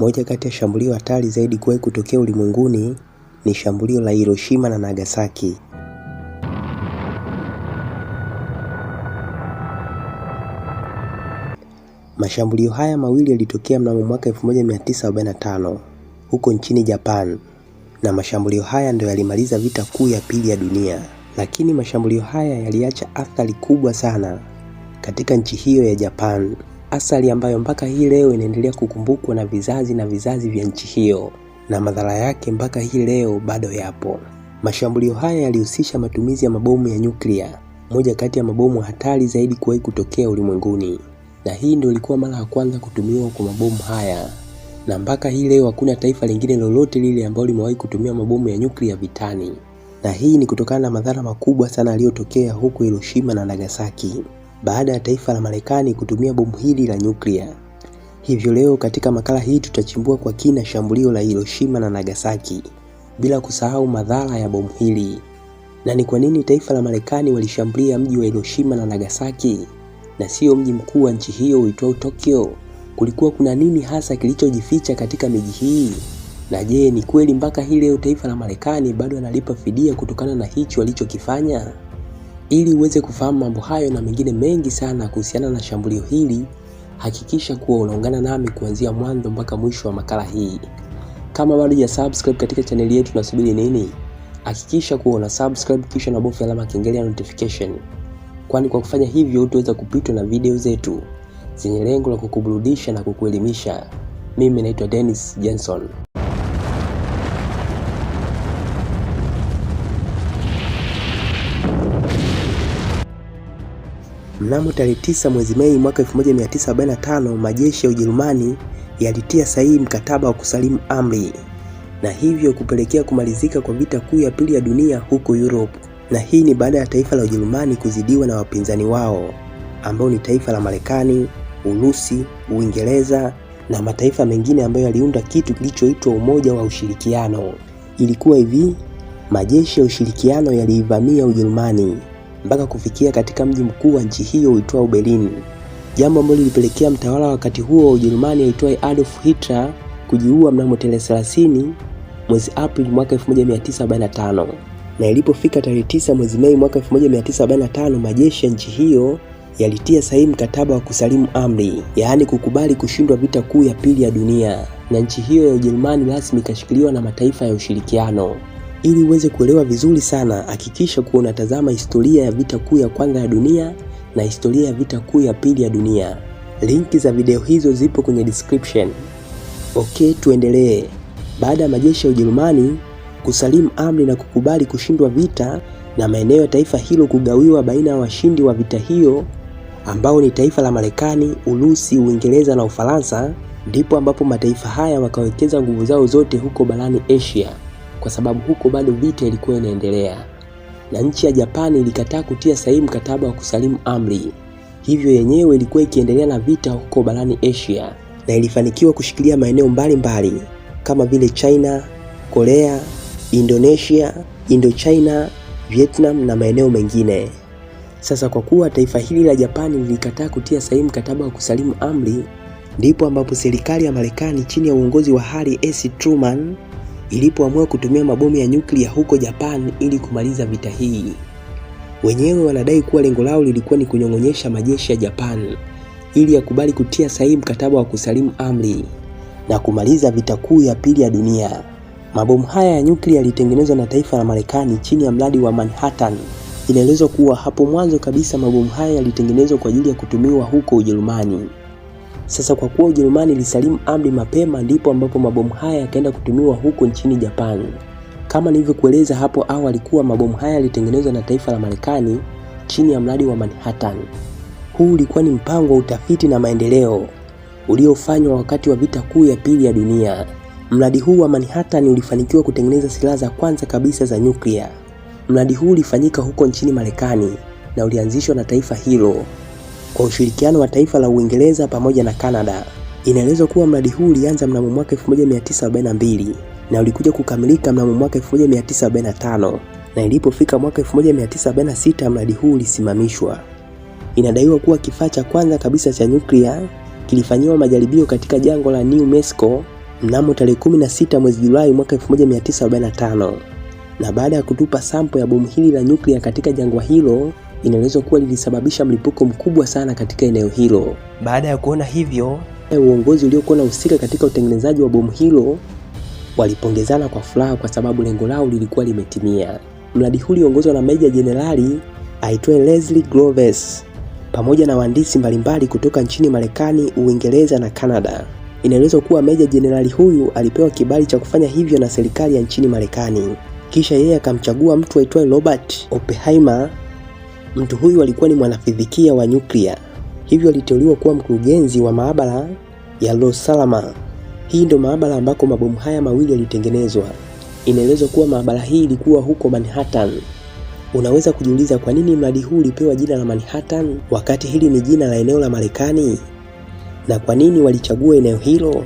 Moja kati ya shambulio hatari zaidi kuwahi kutokea ulimwenguni ni shambulio la Hiroshima na Nagasaki. Mashambulio haya mawili yalitokea mnamo mwaka 1945 huko nchini Japan na mashambulio haya ndio yalimaliza vita kuu ya pili ya dunia, lakini mashambulio haya yaliacha athari kubwa sana katika nchi hiyo ya Japan asali ambayo mpaka hii leo inaendelea kukumbukwa na vizazi na vizazi vya nchi hiyo, na madhara yake mpaka hii leo bado yapo. Mashambulio haya yalihusisha matumizi ya mabomu ya nyuklia, moja kati ya mabomu hatari zaidi kuwahi kutokea ulimwenguni, na hii ndio ilikuwa mara ya kwanza kutumiwa kwa mabomu haya, na mpaka hii leo hakuna taifa lingine lolote lile ambalo limewahi kutumia mabomu ya nyuklia vitani, na hii ni kutokana na madhara makubwa sana yaliyotokea huku Hiroshima na Nagasaki baada ya taifa la Marekani kutumia bomu hili la nyuklia. Hivyo leo katika makala hii tutachimbua kwa kina shambulio la Hiroshima na Nagasaki, bila kusahau madhara ya bomu hili na ni kwa nini taifa la Marekani walishambulia mji wa Hiroshima na Nagasaki na sio mji mkuu wa nchi hiyo uitwao Tokyo. Kulikuwa kuna nini hasa kilichojificha katika miji hii? Na je, ni kweli mpaka hii leo taifa la Marekani bado analipa fidia kutokana na hicho walichokifanya? Ili uweze kufahamu mambo hayo na mengine mengi sana kuhusiana na shambulio hili, hakikisha kuwa unaungana nami kuanzia mwanzo mpaka mwisho wa makala hii. Kama bado ya subscribe katika chaneli yetu, unasubiri nini? Hakikisha kuwa una subscribe kisha unabofya alama kengele ya notification, kwani kwa kufanya hivyo utaweza kupitwa na video zetu zenye lengo la kukuburudisha na kukuelimisha. Mimi naitwa Dennis Jenson. Mnamo tarehe 9 mwezi Mei mwaka 1945 majeshi ya Ujerumani yalitia sahihi mkataba wa kusalimu amri na hivyo kupelekea kumalizika kwa vita kuu ya pili ya dunia huko Europe. Na hii ni baada ya taifa la Ujerumani kuzidiwa na wapinzani wao ambao ni taifa la Marekani, Urusi, Uingereza na mataifa mengine ambayo yaliunda kitu kilichoitwa Umoja wa Ushirikiano. Ilikuwa hivi, majeshi ya ushirikiano yaliivamia Ujerumani mpaka kufikia katika mji mkuu wa nchi hiyo uitwao Berlin, jambo ambalo lilipelekea mtawala wakati huo wa Ujerumani aitwaye Adolf Hitler kujiua mnamo tarehe 30 mwezi Aprili mwaka 1945 na ilipofika tarehe 9 mwezi Mei mwaka 1945 majeshi ya nchi hiyo yalitia sahihi mkataba wa kusalimu amri, yaani kukubali kushindwa vita kuu ya pili ya dunia, na nchi hiyo ya Ujerumani rasmi ikashikiliwa na mataifa ya ushirikiano. Ili uweze kuelewa vizuri sana, hakikisha kuwa unatazama historia ya vita kuu ya kwanza ya dunia na historia ya vita kuu ya pili ya dunia. Linki za video hizo zipo kwenye description. Okay, tuendelee. Baada ya majeshi ya Ujerumani kusalimu amri na kukubali kushindwa vita na maeneo ya taifa hilo kugawiwa baina ya washindi wa vita hiyo ambao ni taifa la Marekani, Urusi, Uingereza na Ufaransa, ndipo ambapo mataifa haya wakawekeza nguvu zao zote huko barani Asia kwa sababu huko bado vita ilikuwa inaendelea na nchi ya Japani ilikataa kutia sahihi mkataba wa kusalimu amri, hivyo yenyewe ilikuwa ikiendelea na vita huko barani Asia na ilifanikiwa kushikilia maeneo mbalimbali mbali, kama vile China, Korea, Indonesia, Indochina, Vietnam na maeneo mengine. Sasa kwa kuwa taifa hili la Japani lilikataa kutia sahihi mkataba wa kusalimu amri, ndipo ambapo serikali ya Marekani chini ya uongozi wa Harry S. Truman ilipoamua kutumia mabomu ya nyuklia huko Japan ili kumaliza vita hii. Wenyewe wanadai kuwa lengo lao lilikuwa ni kunyong'onyesha majeshi ya Japan ili yakubali kutia sahihi mkataba wa kusalimu amri na kumaliza vita kuu ya pili ya dunia. Mabomu haya ya nyuklia yalitengenezwa na taifa la Marekani chini ya mradi wa Manhattan. Inaelezwa kuwa hapo mwanzo kabisa mabomu haya yalitengenezwa kwa ajili ya kutumiwa huko Ujerumani. Sasa kwa kuwa Ujerumani ilisalimu amri mapema, ndipo ambapo mabomu haya yakaenda kutumiwa huko nchini Japani. Kama nilivyokueleza hapo awali kuwa mabomu haya yalitengenezwa na taifa la Marekani chini ya mradi wa Manhattan. Huu ulikuwa ni mpango wa utafiti na maendeleo uliofanywa wakati wa vita kuu ya pili ya dunia. Mradi huu wa Manhattan ulifanikiwa kutengeneza silaha za kwanza kabisa za nyuklia. Mradi huu ulifanyika huko nchini Marekani na ulianzishwa na taifa hilo kwa ushirikiano wa taifa la Uingereza pamoja na Canada. Inaelezwa kuwa mradi huu ulianza mnamo mwaka 1942 na ulikuja kukamilika mnamo mwaka 1945 na ilipofika mwaka 1946 mradi huu ulisimamishwa. Inadaiwa kuwa kifaa cha kwanza kabisa cha nyuklia kilifanyiwa majaribio katika jangwa la New Mexico mnamo tarehe 16 mwezi Julai mwaka 1945 na baada ya kutupa sampo ya bomu hili la nyuklia katika jangwa hilo inaelezwa kuwa lilisababisha mlipuko mkubwa sana katika eneo hilo. Baada ya kuona hivyo, e, uongozi uliokuwa unahusika katika utengenezaji wa bomu hilo walipongezana kwa furaha kwa sababu lengo lao lilikuwa limetimia. Mradi huu uliongozwa na Meja Jenerali aitwaye Leslie Groves pamoja na wahandisi mbalimbali kutoka nchini Marekani, Uingereza na Kanada. Inaelezwa kuwa Meja Jenerali huyu alipewa kibali cha kufanya hivyo na serikali ya nchini Marekani, kisha yeye akamchagua mtu aitwaye Robert Oppenheimer Mtu huyu alikuwa ni mwanafizikia wa nyuklia, hivyo aliteuliwa kuwa mkurugenzi wa maabara ya salama Hii ndio maabara ambako mabomu haya mawili yalitengenezwa. Inaelezwa kuwa maabara hii ilikuwa huko Manhattan. Unaweza kujiuliza kwa nini mradi huu ulipewa jina la Manhattan wakati hili ni jina la eneo la Marekani, na kwa nini walichagua eneo hilo?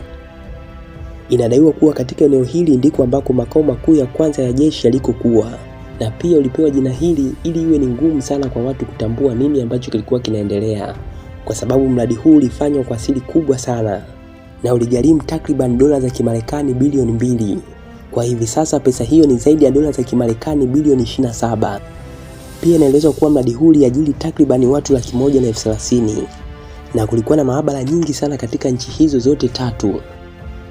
Inadaiwa kuwa katika eneo hili ndiko ambako makao makuu ya kwanza ya jeshi yalikokuwa na pia ulipewa jina hili ili iwe ni ngumu sana kwa watu kutambua nini ambacho kilikuwa kinaendelea, kwa sababu mradi huu ulifanywa kwa siri kubwa sana na uligharimu takriban dola za Kimarekani bilioni mbili. Kwa hivi sasa pesa hiyo ni zaidi ya dola za Kimarekani bilioni 27. Pia inaelezwa kuwa mradi huu uliajiri takriban watu laki moja na elfu thelathini na kulikuwa na maabara nyingi sana katika nchi hizo zote tatu,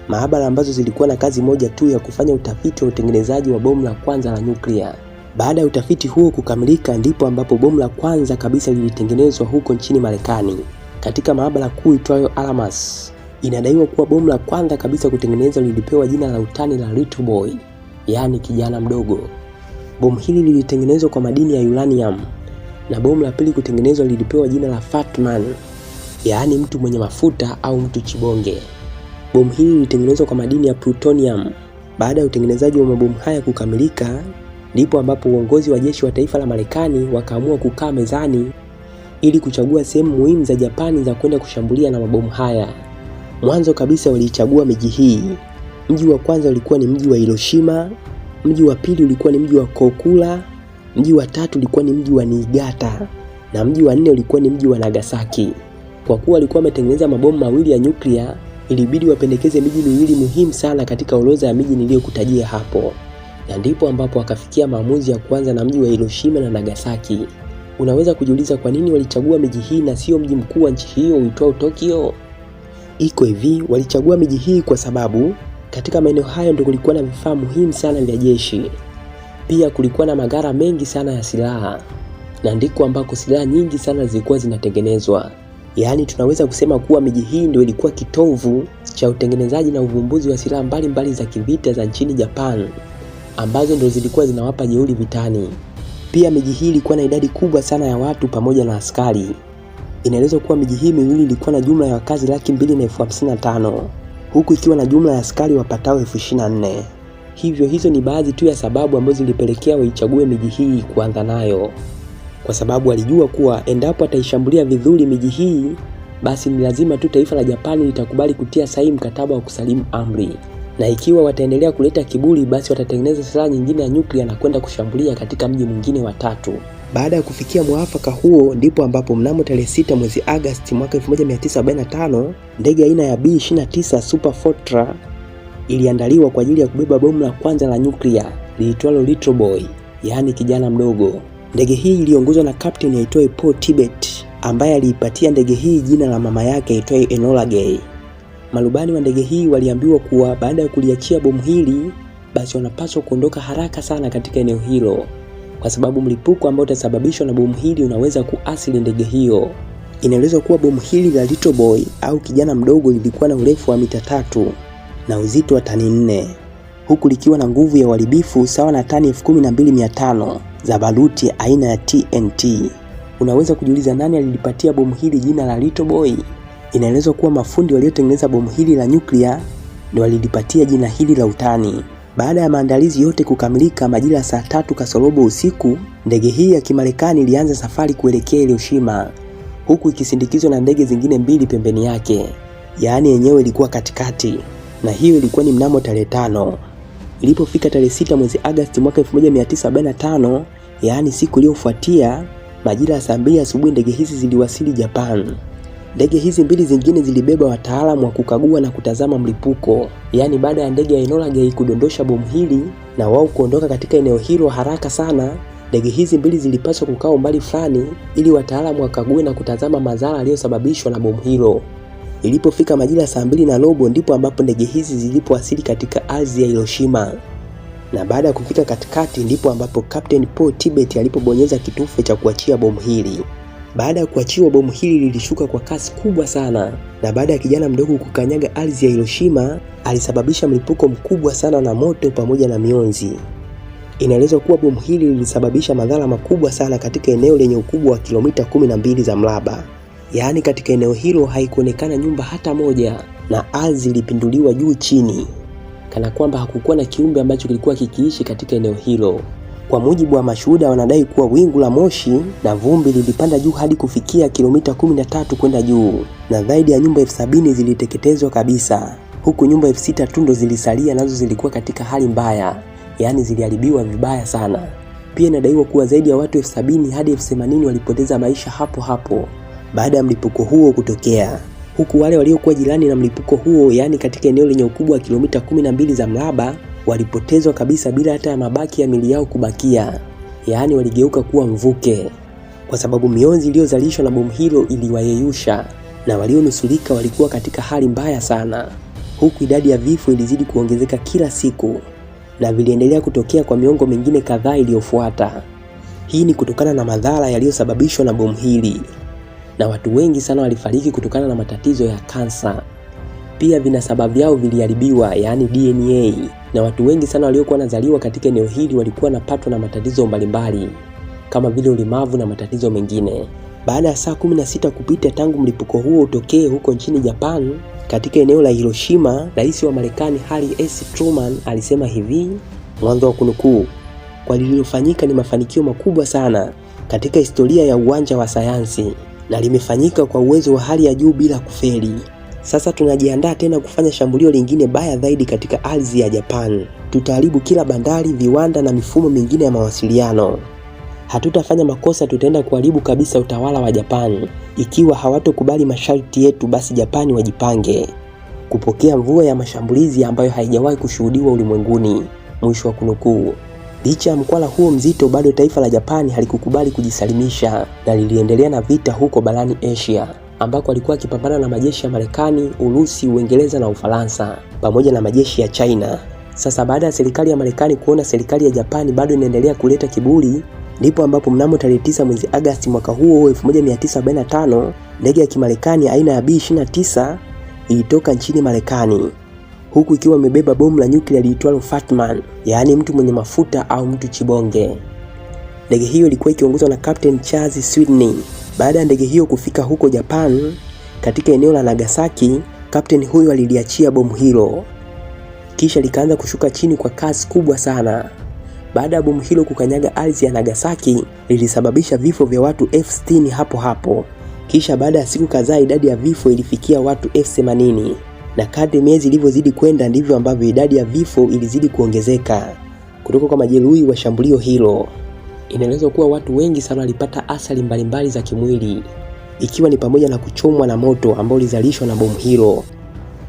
maabara ambazo zilikuwa na kazi moja tu ya kufanya utafiti wa utengenezaji wa bomu la kwanza la nyuklia. Baada ya utafiti huo kukamilika, ndipo ambapo bomu la kwanza kabisa lilitengenezwa huko nchini Marekani katika maabara kuu itwayo Alamas. Inadaiwa kuwa bomu la kwanza kabisa kutengenezwa lilipewa jina la utani la Little Boy, yaani kijana mdogo. Bomu hili lilitengenezwa kwa madini ya uranium, na bomu la pili kutengenezwa lilipewa jina la Fat Man, yaani mtu mwenye mafuta au mtu chibonge. Bomu hili lilitengenezwa kwa madini ya plutonium. Baada ya utengenezaji wa mabomu haya kukamilika, ndipo ambapo uongozi wa jeshi wa taifa la Marekani wakaamua kukaa mezani ili kuchagua sehemu muhimu za Japani za kwenda kushambulia na mabomu haya. Mwanzo kabisa waliichagua miji hii. Mji wa kwanza ulikuwa ni mji wa Hiroshima, mji wa pili ulikuwa ni mji wa Kokura, mji wa tatu ulikuwa ni mji wa Niigata na mji wa nne ulikuwa ni mji wa Nagasaki. Kwa kuwa walikuwa wametengeneza mabomu mawili ya nyuklia, ilibidi wapendekeze miji miwili muhimu sana katika orodha ya miji niliyokutajia hapo na ndipo ambapo akafikia maamuzi ya kuanza na mji wa Hiroshima na Nagasaki. Unaweza kujiuliza kwa nini walichagua miji hii na sio mji mkuu wa nchi hiyo uitwao Tokyo? Iko hivi, walichagua miji hii kwa sababu katika maeneo hayo ndio kulikuwa na vifaa muhimu sana vya jeshi. Pia kulikuwa na magara mengi sana ya silaha, na ndiko ambako silaha nyingi sana zilikuwa zinatengenezwa. Yaani tunaweza kusema kuwa miji hii ndio ilikuwa kitovu cha utengenezaji na uvumbuzi wa silaha mbalimbali za kivita za nchini Japan ambazo ndo zilikuwa zinawapa jeuri vitani. Pia miji hii ilikuwa na idadi kubwa sana ya watu pamoja na askari. Inaelezwa kuwa miji hii miwili ilikuwa na jumla ya wakazi laki mbili na elfu hamsini na tano huku ikiwa na jumla ya askari wapatao elfu ishirini na nne. Hivyo hizo ni baadhi tu ya sababu ambazo zilipelekea waichague miji hii kuanza nayo, kwa sababu walijua kuwa endapo ataishambulia vidhuri miji hii, basi ni lazima tu taifa la Japani litakubali kutia sahihi mkataba wa kusalimu amri na ikiwa wataendelea kuleta kiburi, basi watatengeneza silaha nyingine ya nyuklia na kwenda kushambulia katika mji mwingine wa tatu. Baada ya kufikia mwafaka huo, ndipo ambapo mnamo tarehe 6 mwezi Agosti mwaka 1945 ndege aina ya B29 Super Fortress iliandaliwa kwa ajili ya kubeba bomu la kwanza la nyuklia liitwalo Little Boy, yaani kijana mdogo. Ndege hii iliongozwa na kapteni aitwaye Paul Tibet ambaye aliipatia ndege hii jina la mama yake aitwaye Enola Gay. Marubani wa ndege hii waliambiwa kuwa baada ya kuliachia bomu hili, basi wanapaswa kuondoka haraka sana katika eneo hilo, kwa sababu mlipuko ambao utasababishwa na bomu hili unaweza kuathiri ndege hiyo. Inaelezwa kuwa bomu hili la Little Boy au kijana mdogo lilikuwa na urefu wa mita tatu na uzito wa tani nne huku likiwa na nguvu ya uharibifu sawa na tani 12500 za baruti aina ya TNT. Unaweza kujiuliza nani alilipatia bomu hili jina la Little Boy? Inaelezwa kuwa mafundi waliotengeneza bomu hili la nyuklia ndio walilipatia jina hili la utani. Baada ya maandalizi yote kukamilika, majira ya saa tatu kasorobo usiku, ndege hii ya Kimarekani ilianza safari kuelekea Hiroshima, huku ikisindikizwa na ndege zingine mbili pembeni yake, yaani yenyewe ilikuwa katikati, na hiyo ilikuwa ni mnamo tarehe tano. Ilipofika tarehe sita mwezi Agosti mwaka 1945, yaani siku iliyofuatia, majira ya saa mbili asubuhi, ndege hizi ziliwasili Japan. Ndege hizi mbili zingine zilibeba wataalamu wa kukagua na kutazama mlipuko, yaani baada ya ndege ya Enola Gay kudondosha bomu hili na wao kuondoka katika eneo hilo haraka sana, ndege hizi mbili zilipaswa kukaa umbali fulani ili wataalamu wakague na kutazama madhara yaliyosababishwa na bomu hilo. Ilipofika majira saa mbili na robo ndipo ambapo ndege hizi zilipowasili katika ardhi ya Hiroshima na baada ya kufika katikati ndipo ambapo Captain Paul Tibet alipobonyeza kitufe cha kuachia bomu hili. Baada ya kuachiwa, bomu hili lilishuka kwa kasi kubwa sana, na baada ya kijana mdogo kukanyaga ardhi ya Hiroshima, alisababisha mlipuko mkubwa sana na moto pamoja na mionzi. Inaelezwa kuwa bomu hili lilisababisha madhara makubwa sana katika eneo lenye ukubwa wa kilomita 12 za mraba. Yaani, katika eneo hilo haikuonekana nyumba hata moja, na ardhi ilipinduliwa juu chini, kana kwamba hakukuwa na kiumbe ambacho kilikuwa kikiishi katika eneo hilo. Kwa mujibu wa mashuhuda, wanadai kuwa wingu la moshi na vumbi lilipanda juu hadi kufikia kilomita 13 kwenda juu na zaidi ya nyumba elfu sabini ziliteketezwa kabisa, huku nyumba elfu sita tu ndo zilisalia, nazo zilikuwa katika hali mbaya, yaani ziliharibiwa vibaya sana. Pia inadaiwa kuwa zaidi ya watu elfu sabini hadi elfu themanini walipoteza maisha hapo hapo baada ya mlipuko huo kutokea, huku wale waliokuwa jirani na mlipuko huo, yaani katika eneo lenye ukubwa wa kilomita 12 za mraba walipotezwa kabisa bila hata ya mabaki ya mili yao kubakia, yaani waligeuka kuwa mvuke, kwa sababu mionzi iliyozalishwa na bomu hilo iliwayeyusha, na walionusulika walikuwa katika hali mbaya sana, huku idadi ya vifo ilizidi kuongezeka kila siku na viliendelea kutokea kwa miongo mingine kadhaa iliyofuata. Hii ni kutokana na madhara yaliyosababishwa na bomu hili, na watu wengi sana walifariki kutokana na matatizo ya kansa pia vinasaba vyao viliharibiwa, yaani DNA, na watu wengi sana waliokuwa wanazaliwa katika eneo hili walikuwa wanapatwa na matatizo mbalimbali kama vile ulemavu na matatizo mengine. Baada ya saa 16 kupita tangu mlipuko huo utokee huko nchini Japan, katika eneo la Hiroshima, rais wa Marekani Harry S. Truman alisema hivi, mwanzo wa kunukuu, kwa lililofanyika ni mafanikio makubwa sana katika historia ya uwanja wa sayansi na limefanyika kwa uwezo wa hali ya juu bila kufeli. Sasa tunajiandaa tena kufanya shambulio lingine baya zaidi katika ardhi ya Japan. Tutaharibu kila bandari, viwanda na mifumo mingine ya mawasiliano. Hatutafanya makosa, tutaenda kuharibu kabisa utawala wa Japan. Ikiwa hawatokubali masharti yetu, basi Japani wajipange kupokea mvua ya mashambulizi ambayo haijawahi kushuhudiwa ulimwenguni. Mwisho wa kunukuu. Licha ya mkwala huo mzito, bado taifa la Japani halikukubali kujisalimisha na liliendelea na vita huko barani Asia ambako alikuwa akipambana na majeshi ya Marekani, Urusi, Uingereza na Ufaransa pamoja na majeshi ya China. Sasa baada ya serikali ya Marekani kuona serikali ya Japani bado inaendelea kuleta kiburi, ndipo ambapo mnamo tarehe 9 mwezi Agasti mwaka huo 1945 ndege ya Kimarekani aina ya B29 ilitoka nchini Marekani huku ikiwa imebeba bomu la nyuklia liitwalo Fatman, yaani mtu mwenye mafuta au mtu chibonge. Ndege hiyo ilikuwa ikiongozwa na Captain Charles Sweeney. Baada ya ndege hiyo kufika huko Japan, katika eneo la Nagasaki, Captain huyo aliliachia bomu hilo, kisha likaanza kushuka chini kwa kasi kubwa sana. Baada ya bomu hilo kukanyaga ardhi ya Nagasaki, lilisababisha vifo vya watu elfu sitini hapo hapo. Kisha baada ya siku kadhaa, idadi ya vifo ilifikia watu elfu themanini na kadri miezi ilivyozidi kwenda ndivyo ambavyo idadi ya vifo ilizidi kuongezeka kutoka kwa majeruhi wa shambulio hilo inaelezwa kuwa watu wengi sana walipata athari mbalimbali za kimwili, ikiwa ni pamoja na kuchomwa na moto ambao ulizalishwa na bomu hilo,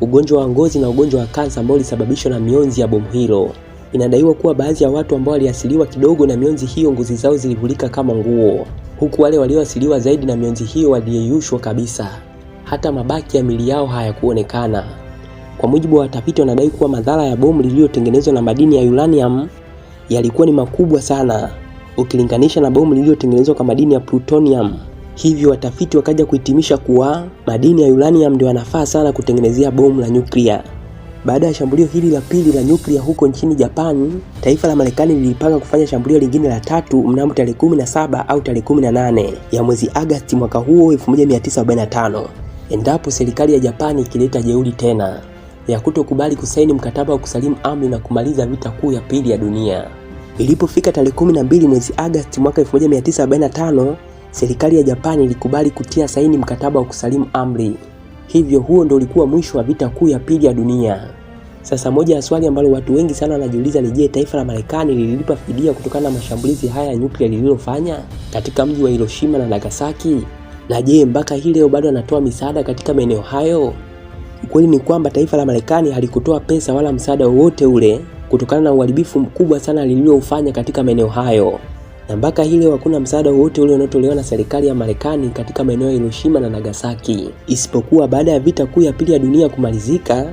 ugonjwa wa ngozi na ugonjwa wa kansa ambao ulisababishwa na mionzi ya bomu hilo. Inadaiwa kuwa baadhi ya watu ambao waliathiriwa kidogo na mionzi hiyo, ngozi zao zilivulika kama nguo, huku wale walioathiriwa zaidi na mionzi hiyo waliyeyushwa kabisa, hata mabaki ya mili yao hayakuonekana. Kwa mujibu wa watafiti, wanadai kuwa madhara ya bomu lililotengenezwa na madini ya uranium yalikuwa ni makubwa sana ukilinganisha na bomu lililotengenezwa kwa madini ya plutonium. Hivyo watafiti wakaja kuhitimisha kuwa madini ya uranium ndio yanafaa sana kutengenezea bomu la nyuklia. Baada ya shambulio hili la pili la nyuklia huko nchini Japan, taifa la Marekani lilipanga kufanya shambulio lingine la tatu mnamo tarehe 17 au tarehe 18 ya mwezi Agasti mwaka huo 1945 endapo serikali ya Japani ikileta jeuri tena ya kutokubali kusaini mkataba wa kusalimu amri na kumaliza vita kuu ya pili ya dunia. Ilipofika tarehe 12 mwezi Agosti mwaka 1945, serikali ya Japani ilikubali kutia saini mkataba wa kusalimu amri. Hivyo huo ndo ulikuwa mwisho wa vita kuu ya pili ya dunia. Sasa moja ya swali ambalo watu wengi sana wanajiuliza ni je, taifa la Marekani lililipa fidia kutokana na mashambulizi haya ya nyuklia lililofanya katika mji wa Hiroshima na Nagasaki? Na je, mpaka hii leo bado anatoa misaada katika maeneo hayo? Ukweli ni kwamba taifa la Marekani halikutoa pesa wala msaada wowote ule kutokana na uharibifu mkubwa sana lililofanya katika maeneo hayo, na mpaka hii leo hakuna msaada wowote ule unaotolewa na serikali ya Marekani katika maeneo ya Hiroshima na Nagasaki, isipokuwa baada ya vita kuu ya pili ya dunia kumalizika,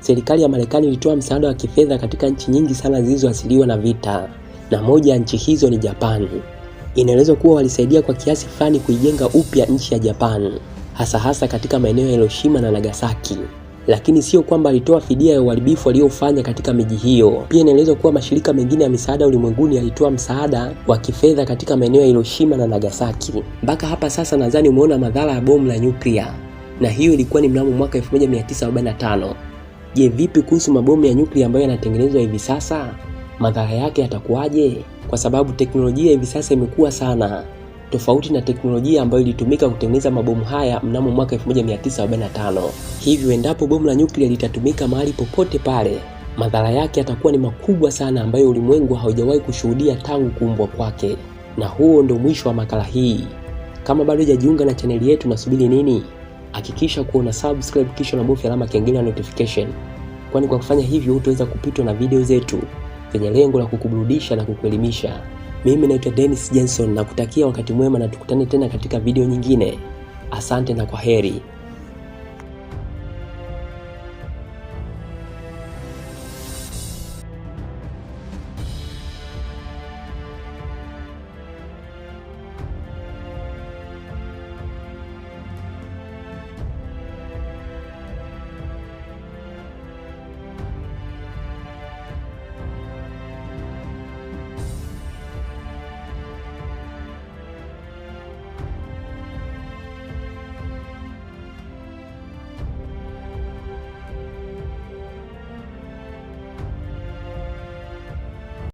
serikali ya Marekani ilitoa msaada wa kifedha katika nchi nyingi sana zilizoathiriwa na vita, na moja ya nchi hizo ni Japani. Inaelezwa kuwa walisaidia kwa kiasi fulani kuijenga upya nchi ya japan hasa hasa katika maeneo ya Hiroshima na Nagasaki lakini sio kwamba alitoa fidia ya uharibifu aliyofanya katika miji hiyo. Pia inaelezwa kuwa mashirika mengine ya misaada ulimwenguni yalitoa msaada wa kifedha katika maeneo ya Hiroshima na Nagasaki. Mpaka hapa sasa nadhani umeona madhara ya bomu la nyuklia, na hiyo ilikuwa ni mnamo mwaka 1945. Je, vipi kuhusu mabomu ya nyuklia ambayo yanatengenezwa hivi sasa? Madhara yake yatakuwaje? Kwa sababu teknolojia hivi sasa imekuwa sana tofauti na teknolojia ambayo ilitumika kutengeneza mabomu haya mnamo mwaka 1945. Hivyo endapo bomu la nyuklia litatumika mahali popote pale, madhara yake yatakuwa ni makubwa sana ambayo ulimwengu haujawahi kushuhudia tangu kuumbwa kwake. Na huo ndio mwisho wa makala hii. Kama bado hujajiunga na chaneli yetu, nasubiri nini? Hakikisha kuona subscribe kisha unabofya alama kengele ya notification, kwani kwa kufanya hivyo utaweza kupitwa na video zetu zenye lengo la kukuburudisha na kukuelimisha. Mimi naitwa Dennis Jenson na kutakia wakati mwema na tukutane tena katika video nyingine. Asante na kwa heri.